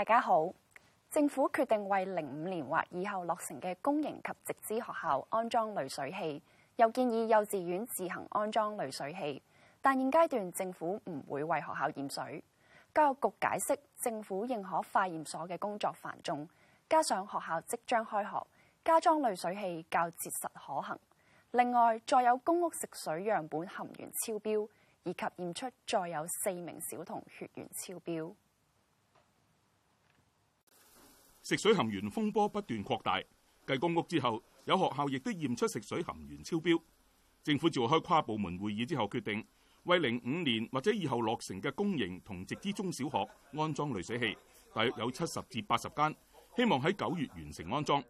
大家好，政府決定為零五年或以後落成嘅公營及直資學校安裝濾水器，又建議幼稚園自行安裝濾水器。但現階段政府唔會為學校驗水。教育局解釋，政府認可化驗所嘅工作繁重，加上學校即將開學，加裝濾水器較切實可行。另外，再有公屋食水樣本含鉛超標，以及驗出再有四名小童血鉛超標。食水含鉛風波不斷擴大，繼公屋之後，有學校亦都驗出食水含鉛超標。政府召開跨部門會議之後，決定為零五年或者以後落成嘅公營同直資中小學安裝濾水器，大約有七十至八十間，希望喺九月完成安裝。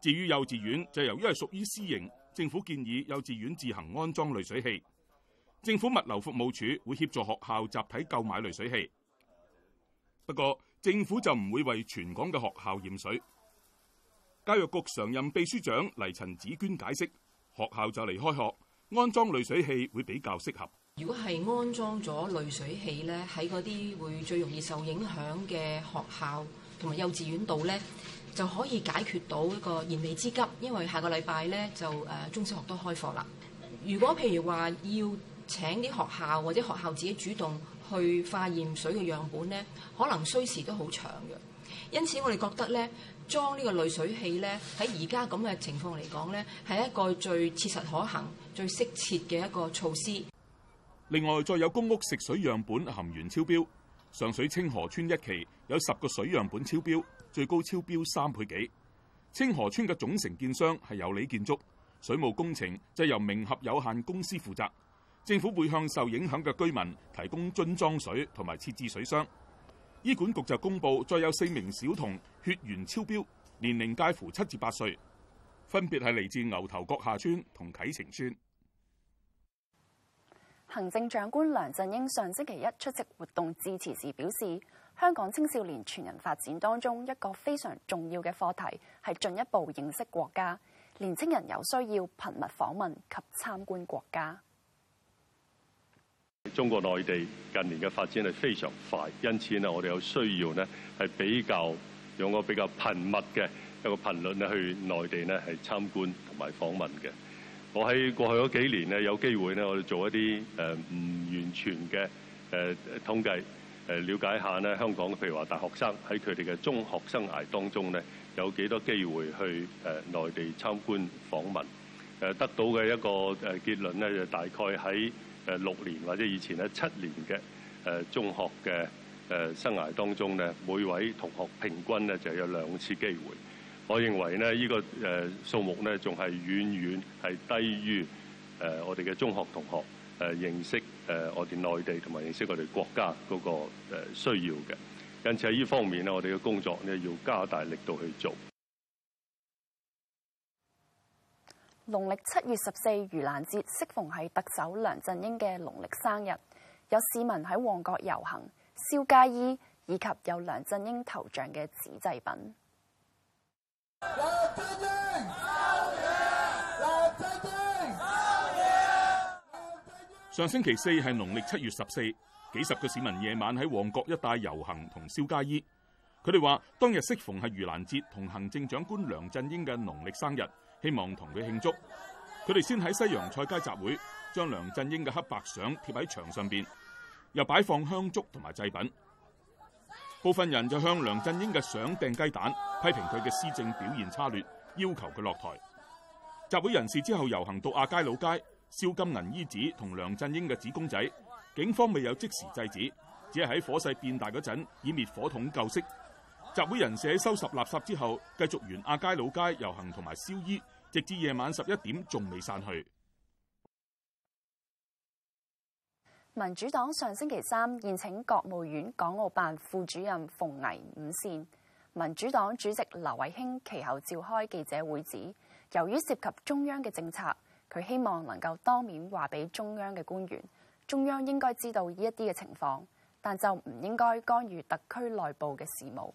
至於幼稚園，就由於係屬於私營，政府建議幼稚園自行安裝濾水器。政府物流服務處會協助學校集體購買濾水器，不過。政府就唔會為全港嘅學校驗水。教育局常任秘書長黎陳芷娟解釋：學校就嚟開學，安裝濾水器會比較適合。如果係安裝咗濾水器咧，喺嗰啲會最容易受影響嘅學校同埋幼稚園度咧，就可以解決到一個燃眉之急。因為下個禮拜咧就誒中小學都開課啦。如果譬如話要請啲學校或者學校自己主動，去化驗水嘅樣本呢，可能需時都好長嘅，因此我哋覺得呢裝呢個濾水器呢，喺而家咁嘅情況嚟講呢係一個最切實可行、最適切嘅一個措施。另外，再有公屋食水樣本含鉛超標，上水清河村一期有十個水樣本超標，最高超標三倍幾。清河村嘅總承建商係有利建築，水務工程就係由明合有限公司負責。政府會向受影響嘅居民提供樽裝水，同埋設置水箱。醫管局就公布，再有四名小童血鉛超標，年齡介乎七至八歲，分別係嚟自牛頭角下村同啟晴村行政長官梁振英上星期一出席活動致辭時表示，香港青少年全人發展當中一個非常重要嘅課題係進一步認識國家。年青人有需要，頻密訪問及參觀國家。中國內地近年嘅發展係非常快，因此咧，我哋有需要呢，係比較用個比較頻密嘅一個頻率咧，去內地呢，係參觀同埋訪問嘅。我喺過去嗰幾年呢，有機會呢，我哋做一啲誒唔完全嘅誒、呃、統計，誒、呃、了解下呢香港譬如話大學生喺佢哋嘅中學生涯當中呢，有幾多機會去誒、呃、內地參觀訪問？誒、呃、得到嘅一個誒、呃、結論咧，就大概喺。誒六年或者以前咧，七年嘅誒中學嘅誒生涯當中咧，每位同學平均咧就有兩次機會，我認為咧，呢個誒數目咧，仲係遠遠係低於誒我哋嘅中學同學誒認識誒我哋內地同埋認識我哋國家嗰個誒需要嘅。因此喺呢方面咧，我哋嘅工作咧要加大力度去做。農曆七月十四盂蘭節，適逢係特首梁振英嘅農曆生日，有市民喺旺角遊行、燒街衣以及有梁振英頭像嘅紙製品。上星期四係農曆七月十四，幾十個市民夜晚喺旺角一帶遊行同燒街衣，佢哋話當日適逢係盂蘭節同行政長官梁振英嘅農曆生日。希望同佢慶祝，佢哋先喺西洋菜街集會，將梁振英嘅黑白相貼喺牆上邊，又擺放香燭同埋祭品。部分人就向梁振英嘅相掟雞蛋，批評佢嘅施政表現差劣，要求佢落台。集會人士之後遊行到亞皆老街，燒金銀衣紙同梁振英嘅紙公仔，警方未有即時制止，只係喺火勢變大嗰陣以滅火筒救熄。集會人士喺收拾垃圾之後，繼續沿亞皆老街遊行同埋燒衣，直至夜晚十一點仲未散去。民主黨上星期三宴請國務院港澳辦副主任馮巍午膳，民主黨主席劉慧卿其後召開記者會，指，由於涉及中央嘅政策，佢希望能夠當面話俾中央嘅官員，中央應該知道呢一啲嘅情況，但就唔應該干預特區內部嘅事務。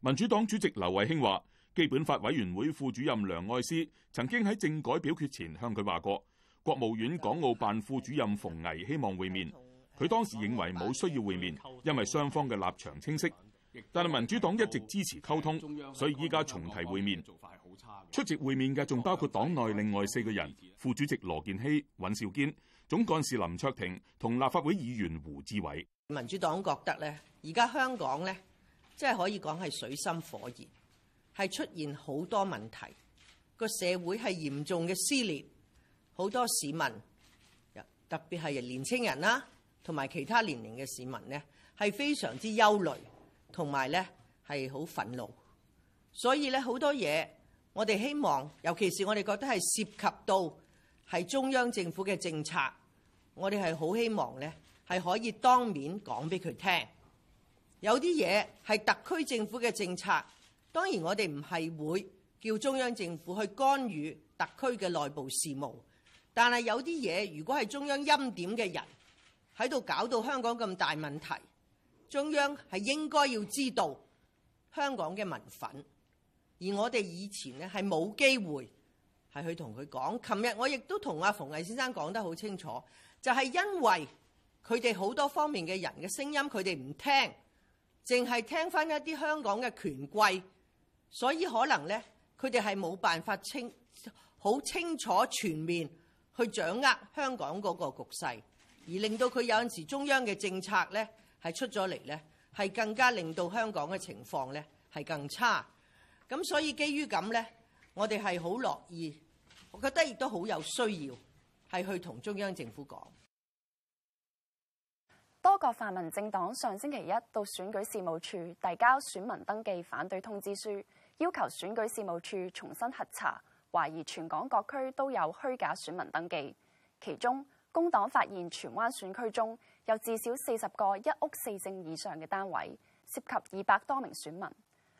民主黨主席劉慧卿話。基本法委員會副主任梁愛詩曾經喺政改表決前向佢話過，國務院港澳辦副主任馮巍希望會面，佢當時認為冇需要會面，因為雙方嘅立場清晰。但係民主黨一直支持溝通，所以依家重提會面。出席會面嘅仲包括黨內另外四個人，副主席羅健熙、尹兆堅、總幹事林卓廷同立法會議員胡志偉。民主黨覺得呢，而家香港呢，即係可以講係水深火熱。係出現好多問題，個社會係嚴重嘅撕裂，好多市民，特別係年青人啦，同埋其他年齡嘅市民呢，係非常之憂慮，同埋呢係好憤怒。所以呢，好多嘢，我哋希望，尤其是我哋覺得係涉及到係中央政府嘅政策，我哋係好希望呢係可以當面講俾佢聽。有啲嘢係特區政府嘅政策。當然我哋唔係會叫中央政府去干預特區嘅內部事務，但係有啲嘢如果係中央欽點嘅人喺度搞到香港咁大問題，中央係應該要知道香港嘅民憤，而我哋以前呢係冇機會係去同佢講。琴日我亦都同阿馮巍先生講得好清楚，就係因為佢哋好多方面嘅人嘅聲音佢哋唔聽，淨係聽返一啲香港嘅權貴。所以可能咧，佢哋係冇辦法清好清楚全面去掌握香港嗰個局勢，而令到佢有陣時中央嘅政策咧係出咗嚟咧，係更加令到香港嘅情況咧係更差。咁所以基於咁咧，我哋係好樂意，我覺得亦都好有需要係去同中央政府講。多個泛民政黨上星期一到選舉事務處遞交選民登記反對通知書。要求選舉事務處重新核查，懷疑全港各區都有虛假選民登記。其中，工黨發現荃灣選區中有至少四十個一屋四證以上嘅單位，涉及二百多名選民。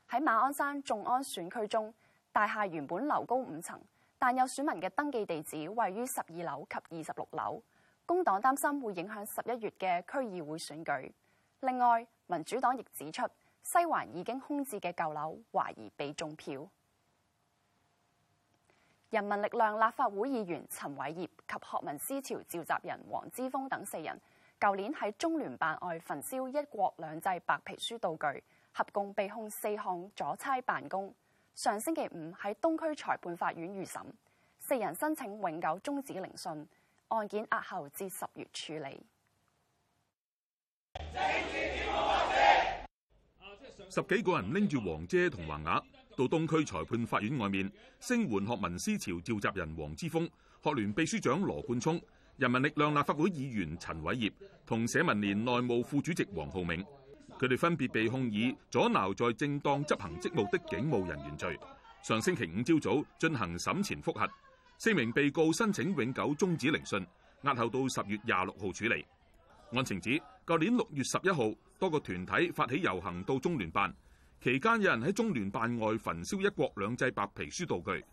喺馬鞍山眾安選區中，大廈原本樓高五層，但有選民嘅登記地址位於十二樓及二十六樓。工黨擔心會影響十一月嘅區議會選舉。另外，民主黨亦指出，西環已經空置嘅舊樓，懷疑被中票。人民力量立法會議員陳偉業及學民思潮召集人黃之鋒等四人，舊年喺中聯辦外焚燒《一國兩制》白皮書道具，合共被控四項阻差辦公。上星期五喺東區裁判法院預審，四人申請永久終止聆訊，案件押後至十月處理。十幾個人拎住黃遮同橫額，到東區裁判法院外面聲援學民思潮召集人黃之鋒、學聯秘書長羅冠聰、人民力量立法會議員陳偉業同社民連內務副主席黃浩銘。佢哋分別被控以阻撓在正當執行職務的警務人員罪。上星期五朝早進行審前複核，四名被告申請永久終止聆訊，押後到十月廿六號處理。案情指，舊年六月十一號，多個團體發起遊行到中聯辦，期間有人喺中聯辦外焚燒一國兩制白皮書道具。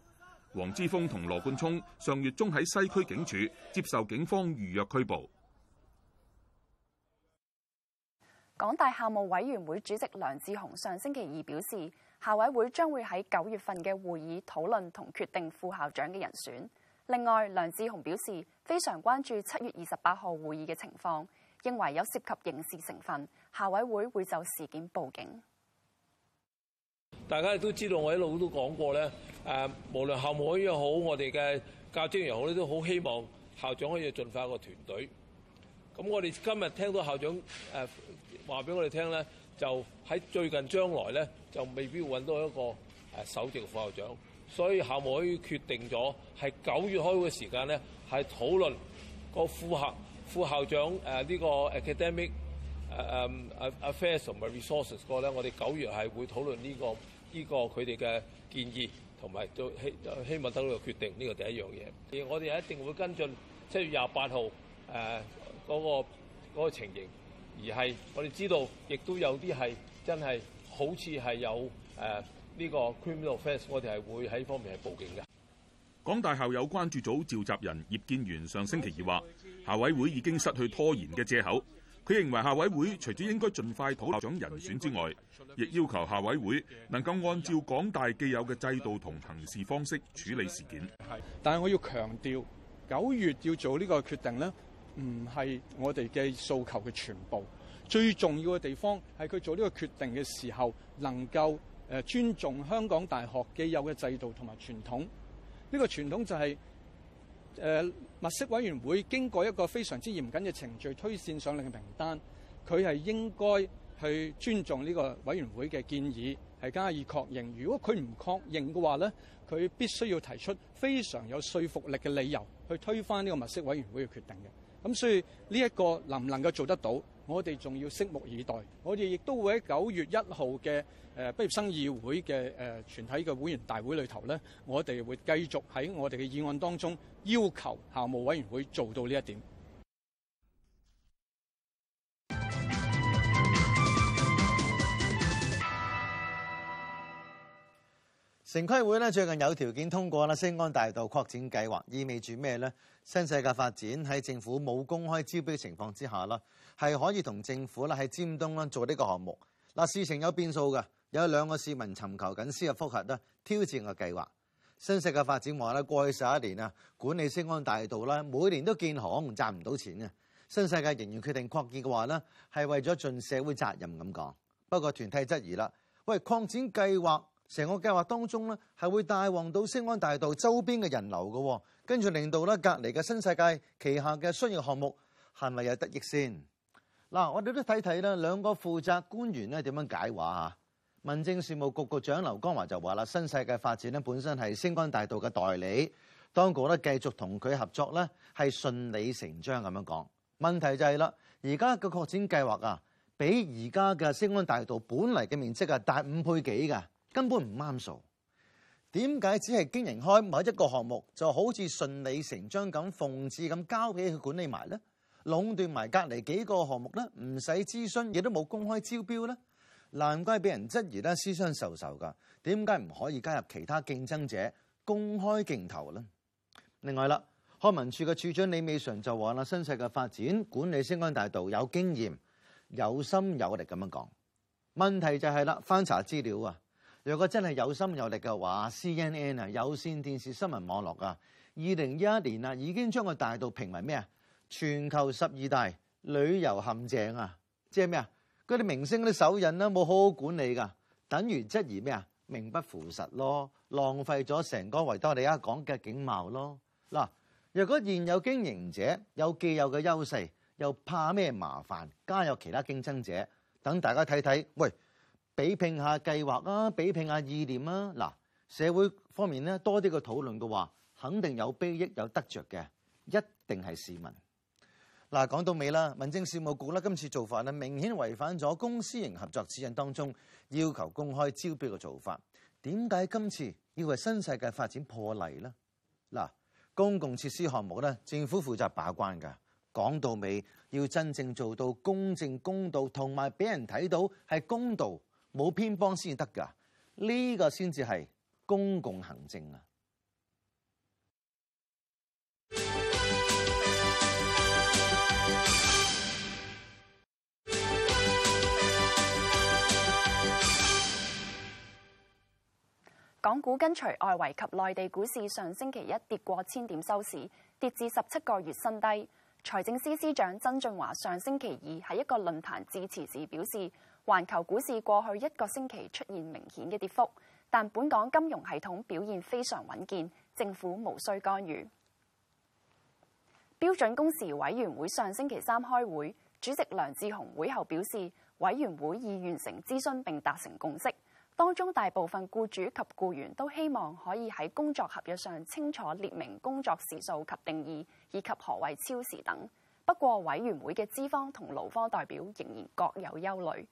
黃之鋒同羅冠聰上月中喺西區警署接受警方預約拘捕。港大校務委員會主席梁智鴻上星期二表示，校委會將會喺九月份嘅會議討論同決定副校長嘅人選。另外，梁智鴻表示非常關注七月二十八號會議嘅情況。認為有涉及刑事成分，校委會會就事件報警。大家亦都知道，我一路都講過咧。誒，無論校務委員也好，我哋嘅教職員也好咧，都好希望校長可以進化一個團隊。咁我哋今日聽到校長誒話俾我哋聽咧，就喺最近將來咧就未必揾到一個誒首席副校長，所以校務委員決定咗係九月開會嘅時間咧，係討論個副校。副校長誒呢個 academic 誒誒阿 affairs 同埋 resources 個咧，我哋九月係會討論呢個呢個佢哋嘅建議，同埋做希希望得到個決定。呢個第一樣嘢，我哋一定會跟進七月廿八號誒嗰個情形，而係我哋知道，亦都有啲係真係好似係有誒呢個 criminal offence，我哋係會喺方面係報警嘅。港大校友關注組召集人葉建源上星期二話。校委會已經失去拖延嘅借口，佢認為校委會除咗應該盡快討論副校長人選之外，亦要求校委會能夠按照港大既有嘅制度同行事方式處理事件。但係我要強調九月要做呢個決定咧，唔係我哋嘅訴求嘅全部。最重要嘅地方係佢做呢個決定嘅時候，能夠誒尊重香港大學既有嘅制度同埋傳統。呢個傳統就係。誒物色委員會經過一個非常之嚴謹嘅程序推薦上嚟嘅名單，佢係應該去尊重呢個委員會嘅建議，係加以確認，如果佢唔確認嘅話咧，佢必須要提出非常有說服力嘅理由去推翻呢個物色委員會嘅決定嘅。咁所以呢一個能唔能夠做得到？我哋仲要拭目以待，我哋亦都會喺九月一號嘅誒畢業生議會嘅誒全體嘅會員大會裏頭咧，我哋會繼續喺我哋嘅議案當中要求校務委員會做到呢一點。城規會呢，最近有條件通過啦，星光大道擴展計劃，意味住咩呢？新世界發展喺政府冇公開招標嘅情況之下啦。係可以同政府啦，喺尖東啦做呢個項目。嗱，事情有變數嘅，有兩個市民尋求緊司法覆核啦，挑戰嘅計劃。新世界發展話啦，過去十一年啊，管理星光大道啦，每年都建行賺唔到錢嘅。新世界仍然決定擴建嘅話咧，係為咗盡社會責任咁講。不過團體質疑啦，喂，擴展計劃成個計劃當中咧，係會帶旺到星光大道周邊嘅人流嘅，跟住令到咧隔離嘅新世界旗下嘅商業項目係咪有得益先？嗱，我哋都睇睇啦，兩個負責官員咧點樣解話啊？民政事務局局長劉江華就話啦：新世界發展咧本身係星光大道嘅代理，當局咧，繼續同佢合作咧，係順理成章咁樣講，問題就係啦，而家嘅擴展計劃啊，比而家嘅星光大道本嚟嘅面積啊大五倍幾嘅，根本唔啱數。點解只係經營開某一個項目就好似順理成章咁，奉旨咁交俾佢管理埋咧？壟斷埋隔離幾個項目咧，唔使諮詢，亦都冇公開招標咧，難怪俾人質疑咧，私相授受噶。點解唔可以加入其他競爭者公開競投咧？另外啦，康文署嘅署長李美嫦就話啦：新世嘅發展管理星光大道有經驗、有心有力咁樣講。問題就係、是、啦，翻查資料啊，若果真係有心有力嘅話，C N N 啊，CNN，有線電視新聞網絡啊，二零一一年啊，已經將個大道評為咩啊？全球十二大旅遊陷阱啊，即係咩啊？嗰啲明星啲手印啦，冇好好管理噶，等於質疑咩啊？名不符實咯，浪費咗成個維多利亞港嘅景貌咯。嗱，若果現有經營者有既有嘅優勢，又怕咩麻煩，加入其他競爭者，等大家睇睇，喂，比拼下計劃啊，比拼下意念啊。嗱，社會方面呢，多啲嘅討論嘅話，肯定有裨益有得着嘅，一定係市民。嗱，講到尾啦，民政事務局咧，今次做法咧，明顯違反咗公私營合作指引當中要求公開招標嘅做法。點解今次要為新世界發展破例呢？嗱，公共設施項目咧，政府負責把關㗎。講到尾，要真正做到公正公道，同埋俾人睇到係公道，冇偏幫先得㗎。呢個先至係公共行政啊！港股跟隨外圍及內地股市上星期一跌過千點收市，跌至十七個月新低。財政司司長曾俊華上星期二喺一個論壇致辭時表示，環球股市過去一個星期出現明顯嘅跌幅，但本港金融系統表現非常穩健，政府無需干預。標準工時委員會上星期三開會，主席梁智鴻會後表示，委員會已完成諮詢並達成共識。當中大部分僱主及僱員都希望可以喺工作合約上清楚列明工作時數及定義，以及何為超時等。不過委員會嘅資方同勞方代表仍然各有憂慮。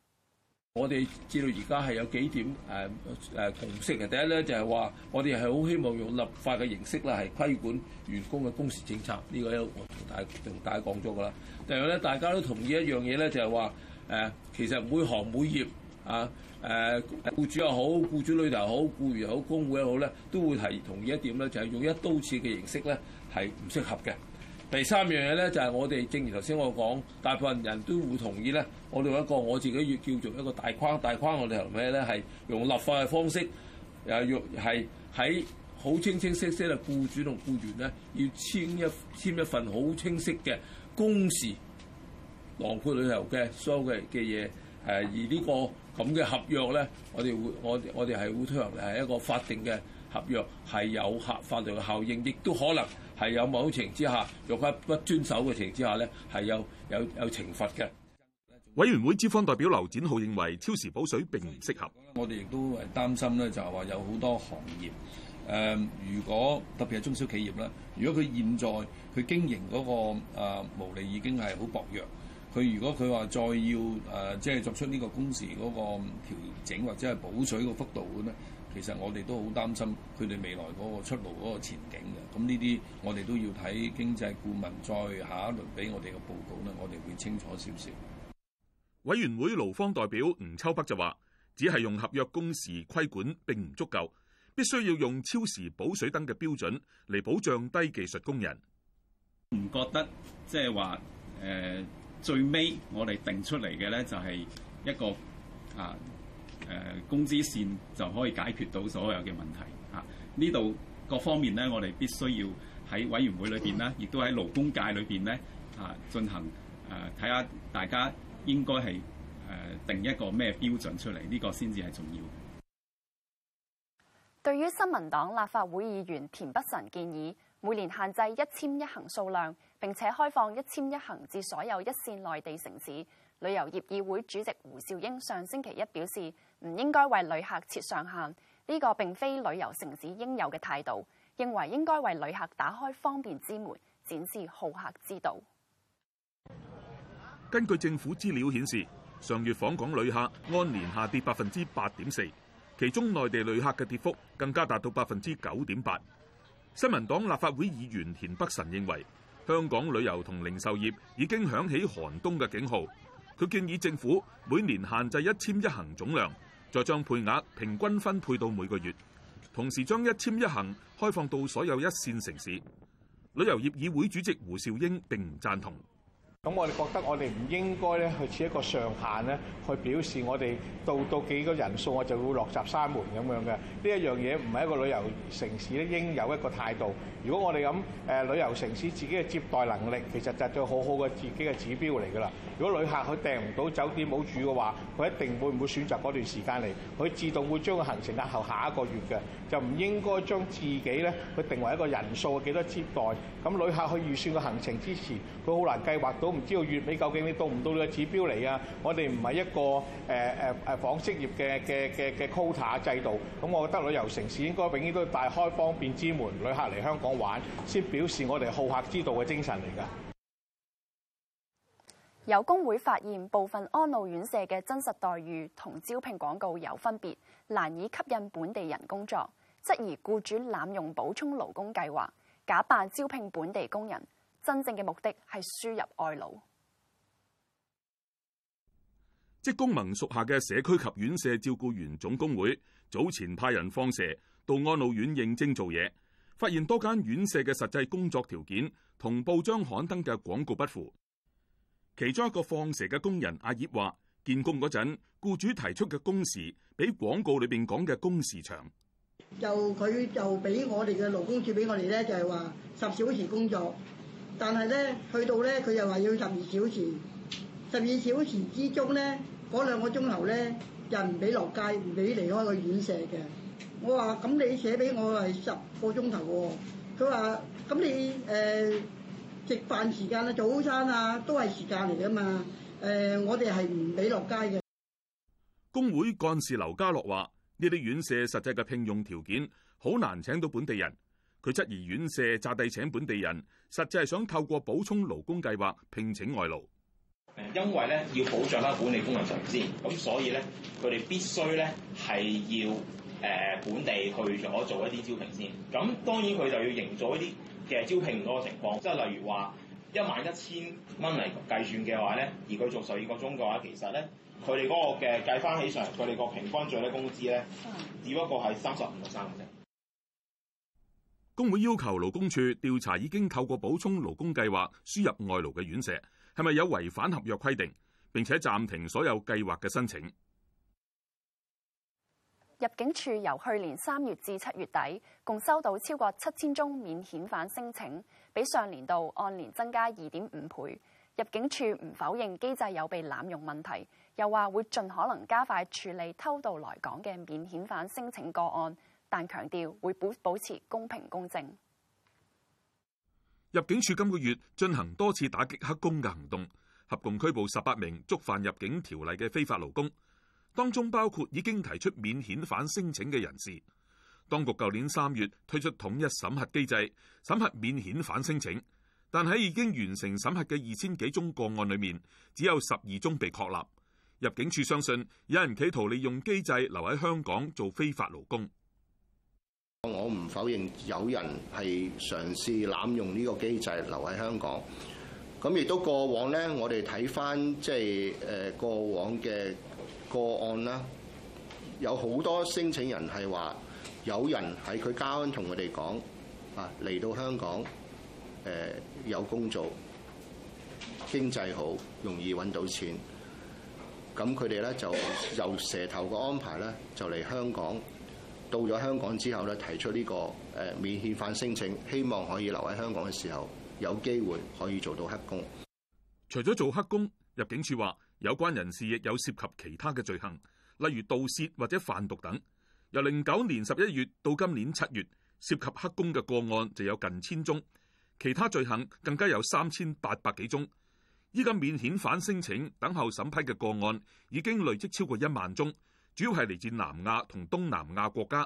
我哋知道而家係有幾點誒誒共識嘅，第一咧就係、是、話我哋係好希望用立法嘅形式啦，係規管員工嘅工時政策。呢、這個我同大家同大家講咗㗎喇。第二咧，大家都同意一樣嘢咧，就係話誒，其實每行每業。啊誒僱主又好，雇主裏頭好，雇員又好，好，工會又好咧，都會係同意一點咧，就係用一刀切嘅形式咧，係唔適合嘅。第三樣嘢咧，就係我哋正如頭先我講，大部分人都會同意咧，我哋用一個我自己要叫做一個大框，大框我哋由咩咧？係用立法嘅方式，誒用係喺好清清晰晰嘅僱主同僱員咧，要簽一簽一份好清晰嘅工時，囊括裏頭嘅所有嘅嘅嘢，誒而呢個。咁嘅合約咧，我哋會我我哋係會推行係一個法定嘅合約，係有合法律嘅效應，亦都可能係有某種情之下，若果不遵守嘅情之下咧，係有有有懲罰嘅。委員會資方代表劉展浩認為，超時補水並唔適合。我哋亦都係擔心咧，就係話有好多行業誒、呃，如果特別係中小企業啦，如果佢現在佢經營嗰、那個、呃、毛利已經係好薄弱。佢如果佢話再要誒、呃、即係作出呢個工時嗰個調整或者係補水個幅度咧，其實我哋都好擔心佢哋未來嗰個出路嗰個前景嘅。咁呢啲我哋都要睇經濟顧問再下一輪俾我哋嘅報告咧，我哋會清楚少少。委員會勞方代表吳秋北就話，只係用合約工時規管並唔足夠，必須要用超時補水燈嘅標準嚟保障低技術工人。唔覺得即係話誒。就是最尾我哋定出嚟嘅咧就係一個啊工資線就可以解決到所有嘅問題。啊，呢度各方面咧，我哋必須要喺委員會裏邊啦，亦都喺勞工界裏邊咧啊進行，睇下大家應該係定一個咩標準出嚟，呢、呢個先至係重要。對於新民黨立法會議員田北辰建議每年限制一簽一行數量。並且開放一簽一行至所有一線內地城市。旅遊業議會主席胡兆英上星期一表示，唔應該為旅客設上限，呢、這個並非旅遊城市應有嘅態度。認為應該為旅客打開方便之門，展示好客之道。根據政府資料顯示，上月訪港旅客按年下跌百分之八點四，其中內地旅客嘅跌幅更加達到百分之九點八。新聞黨立法會議員田北辰認為。香港旅遊同零售業已經響起寒冬嘅警號。佢建議政府每年限制一簽一行總量，再將配額平均分配到每個月，同時將一簽一行開放到所有一線城市。旅遊業議會主席胡兆英並唔贊同。咁我哋覺得我哋唔應該咧去設一個上限咧，去表示我哋到到幾個人數我就會落閘閂門咁樣嘅。呢一樣嘢唔係一個旅遊城市咧應有一個態度。如果我哋咁誒旅遊城市自己嘅接待能力，其實就係對好好嘅自己嘅指標嚟噶啦。如果旅客佢訂唔到酒店冇住嘅話，佢一定會唔會選擇嗰段時間嚟，佢自動會將個行程押後下一個月嘅，就唔應該將自己咧去定為一個人數幾多接待。咁旅客去預算個行程之前，佢好難計劃到。都唔知道月尾究竟你到唔到呢個指標嚟啊。我哋唔係一個誒誒誒紡織業嘅嘅嘅嘅 quota 制度，咁我覺得旅遊城市應該永遠都大開方便之門，旅客嚟香港玩先表示我哋好客之道嘅精神嚟噶。有工會發現部分安老院舍嘅真實待遇同招聘廣告有分別，難以吸引本地人工作，質疑僱主濫用補充勞工計劃，假扮招聘本地工人。真正嘅目的係輸入外勞。職工盟屬下嘅社區及院舍照顧員總工會早前派人放蛇到安老院認證做嘢，發現多間院舍嘅實際工作條件同報章刊登嘅廣告不符。其中一個放蛇嘅工人阿葉話，見工嗰陣，僱主提出嘅工時比廣告裏邊講嘅工時長。就佢就俾我哋嘅勞工處俾我哋咧，就係話十小時工作。但係咧，去到咧，佢又話要十二小時，十二小時之中咧，嗰兩個鐘頭咧，就唔俾落街，唔俾離開個院舍嘅。我話咁你寫俾我係十個鐘頭喎，佢話咁你誒食飯時間啊，早餐啊，都係時間嚟㗎嘛。誒、呃，我哋係唔俾落街嘅。工會幹事劉家樂話：呢啲院舍實際嘅聘用條件好難請到本地人。佢質疑院舍詐諦請本地人，實際係想透過補充勞工計劃聘請外勞。誒，因為咧要保障啦，管理工人上資，咁所以咧佢哋必須咧係要誒本地去咗做一啲招聘先。咁當然佢就要營造一啲嘅招聘嗰個情況，即係例如話一萬一千蚊嚟計算嘅話咧，而佢做十二個鐘嘅話，其實咧佢哋嗰個嘅計翻起上，佢哋個平均最低工資咧，嗯，只不過係三十五個三嘅啫。工會要求勞工處調查已經透過補充勞工計劃輸入外勞嘅院舍，係咪有違反合約規定，並且暫停所有計劃嘅申請。入境處由去年三月至七月底，共收到超過七千宗免遣返申請，比上年度按年增加二點五倍。入境處唔否認機制有被濫用問題，又話會盡可能加快處理偷渡來港嘅免遣返申請個案。但強調會保保持公平公正。入境處今個月進行多次打擊黑工嘅行動，合共拘捕十八名觸犯入境條例嘅非法勞工，當中包括已經提出免遣返申請嘅人士。當局舊年三月推出統一審核機制，審核免遣返申請，但喺已經完成審核嘅二千幾宗個案裏面，只有十二宗被確立。入境處相信有人企圖利用機制留喺香港做非法勞工。我唔否認有人係嘗試濫用呢個機制留喺香港，咁亦都過往咧，我哋睇返即係誒過往嘅個案啦，有好多申請人係話有人喺佢家鄉同佢哋講啊，嚟到香港誒有工作，經濟好，容易搵到錢，咁佢哋咧就由蛇頭嘅安排咧就嚟香港。到咗香港之後咧，提出呢個誒免遣返申請，希望可以留喺香港嘅時候，有機會可以做到黑工。除咗做黑工，入境處話有關人士亦有涉及其他嘅罪行，例如盜竊或者販毒等。由零九年十一月到今年七月，涉及黑工嘅個案就有近千宗，其他罪行更加有三千八百幾宗。依家免遣返申請等候審批嘅個案已經累積超過一萬宗。主要係嚟自南亞同東南亞國家。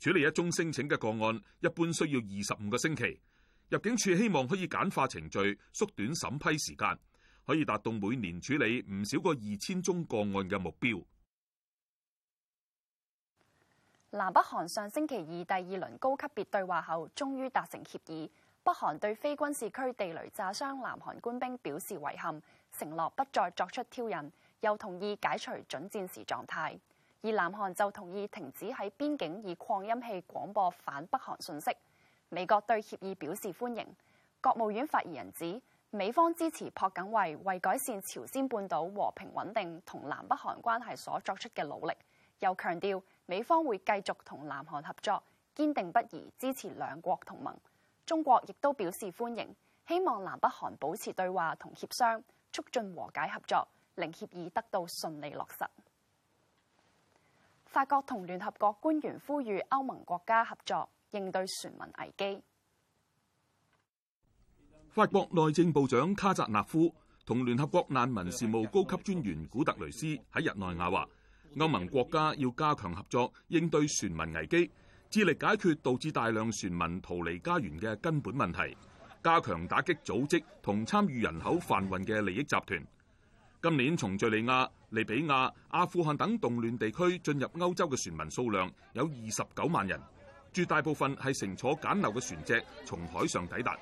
處理一宗申請嘅個案，一般需要二十五個星期。入境處希望可以簡化程序，縮短審批時間，可以達到每年處理唔少過二千宗個案嘅目標。南北韓上星期二第二輪高級別對話後，終於達成協議。北韓對非軍事區地雷炸傷南韓官兵表示遺憾，承諾不再作出挑釁，又同意解除準戰時狀態。而南韓就同意停止喺邊境以擴音器廣播反北韓信息。美國對協議表示歡迎。國務院發言人指，美方支持朴槿惠為改善朝鮮半島和平穩定同南北韓關係所作出嘅努力，又強調美方會繼續同南韓合作，堅定不移支持兩國同盟。中國亦都表示歡迎，希望南北韓保持對話同協商，促進和解合作，令協議得到順利落實。法國同聯合國官員呼籲歐盟國家合作應對船民危機。法國內政部長卡扎納夫同聯合國難民事務高級專員古特雷斯喺日內瓦話：歐盟國家要加強合作應對船民危機，致力解決導致大量船民逃離家園嘅根本問題，加強打擊組織同參與人口販運嘅利益集團。今年從敍利亞、利比亞、阿富汗等動亂地區進入歐洲嘅船民數量有二十九萬人，絕大部分係乘坐簡陋嘅船隻從海上抵達。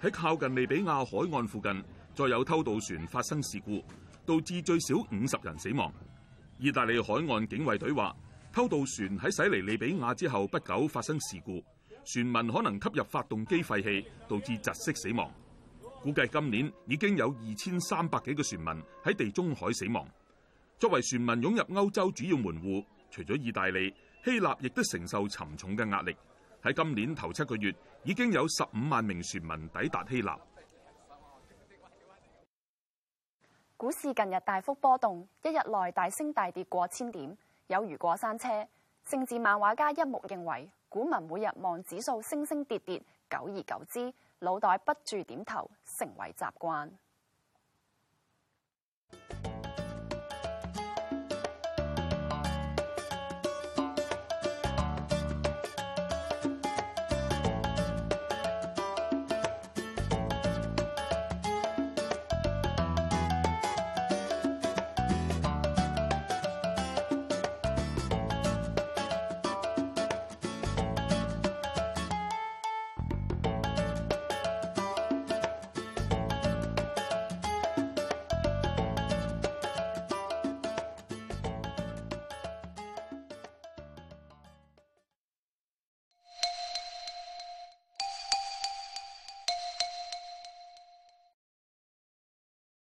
喺靠近利比亞海岸附近，再有偷渡船發生事故，導致最少五十人死亡。意大利海岸警衛隊話，偷渡船喺駛離利比亞之後不久發生事故，船民可能吸入發動機廢氣，導致窒息死亡。估計今年已經有二千三百幾個船民喺地中海死亡。作為船民湧入歐洲主要門戶，除咗意大利、希臘，亦都承受沉重嘅壓力。喺今年頭七個月，已經有十五萬名船民抵達希臘。股市近日大幅波動，一日內大升大跌過千點，有如過山車。政治漫畫家一目認為，股民每日望指數升升跌跌，久而久之，腦袋不住點頭，成為習慣。